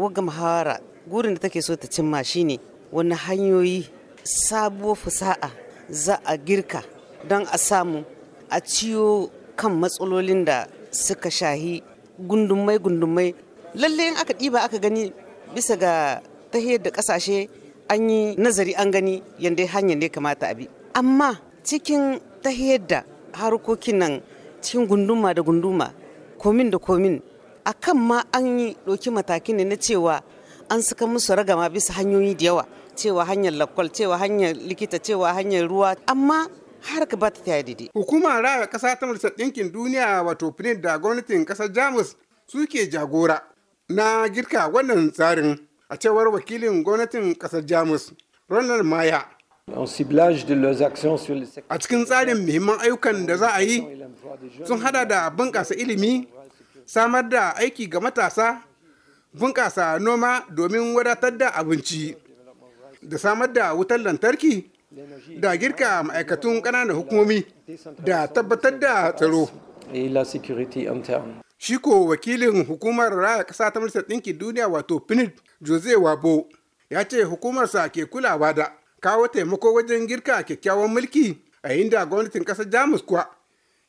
wagga muhawara gurin da take so ta cimma shine wani hanyoyi sabuwar fasaha za a girka don a samu a ciyo kan matsalolin da suka shahi gundumai gundumai lalle in aka ɗiba aka gani bisa ga ta da ƙasashe an yi nazari an gani yadda hanyar ne kamata a bi amma cikin ta da harkokin nan cikin gunduma da gunduma komin da komin a kan ma an yi ɗauki matakin ne na cewa an saka musu ragama bisa hanyoyi da yawa cewa hanyar lakwal cewa hanyar likita cewa hanyar ruwa amma har ka bata ta daidai. Hukumar raya ƙasa ta Majalisar Ɗinkin Duniya wato FNID da gwamnatin ƙasar Jamus suke jagora na girka wannan tsarin a cewar wakilin gwamnatin ƙasar Jamus Ronald Maya. A cikin tsarin muhimman ayyukan da za a yi sun hada da bunƙasa ilimi samar da aiki ga matasa bunƙasa noma domin wadatar da abinci da samar da wutar lantarki da girka ma'aikatun ƙananan hukumomi da tabbatar da tsaro shi ko wakilin hukumar raya ƙasa ta majalisar ɗinkin duniya wato pinid jose wabo ya ce hukumarsa ke kulawa da kawo taimako wajen girka kyakkyawan mulki a inda gwamnatin ƙasar jamus kuwa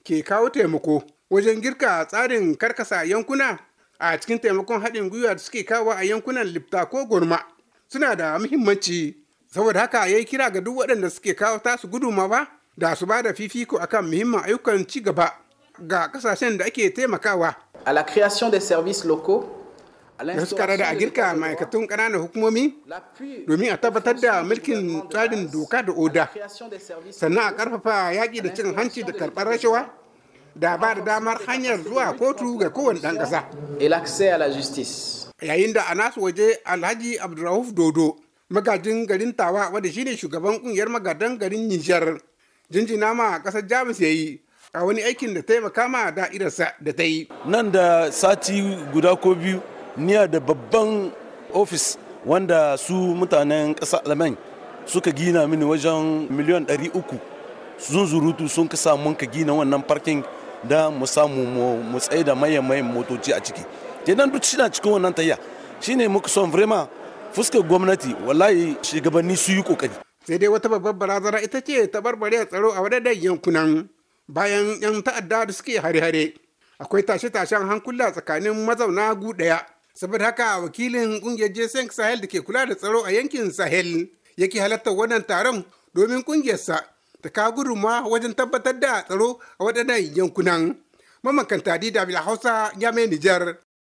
ke kawo taimako wajen girka tsarin karkasa yankuna a cikin taimakon haɗin gwiwa da suke kawo a yankunan lifta ko gurma suna da muhimmanci saboda haka ya yi kira ga duk waɗanda suke kawo tasu gudumawa da su ba da fifiko akan muhimman ayyukan ci gaba ga kasashen da ake taimakawa. A la création des services locaux, da suka rada a girka ma'aikatun ƙananan hukumomi domin a tabbatar da mulkin tsarin doka da oda sannan a ƙarfafa yaƙi da cin hanci da karɓar rashawa da ba da damar hanyar zuwa kotu ga kowane ɗan ƙasa. Yayin da a nasu waje Alhaji abdulrahuf Dodo, magajin garin Tawa wanda shine shugaban kungiyar magadan garin Nijar, jinjina ma ƙasar Jamus ya yi a wani aikin da taimaka ma da'irarsa da ta yi. Nan da sati guda ko biyu, niya da babban ofis wanda su mutanen ƙasa Alamai suka gina mini wajen miliyan 300 sun zurutu sun kasa mun ka gina wannan parking da mu samu mu tsaye da mayan motoci a ciki kenan duk shi na cikin wannan tayya shine muka son vrema fuskar gwamnati wallahi shugabanni su yi kokari sai dai wata babbar barazana ita ce ta barbare tsaro a wadannan yankunan bayan yan ta'adda da suke hare-hare akwai tashe-tashen hankula tsakanin mazauna gu daya saboda haka wakilin kungiyar jason sahel da ke kula da tsaro a yankin sahel yake halartar wannan taron domin kungiyarsa da kawo wajen tabbatar da tsaro a waɗannan yankunan. Mamakanta Dida Hausa, Yamai Nijar.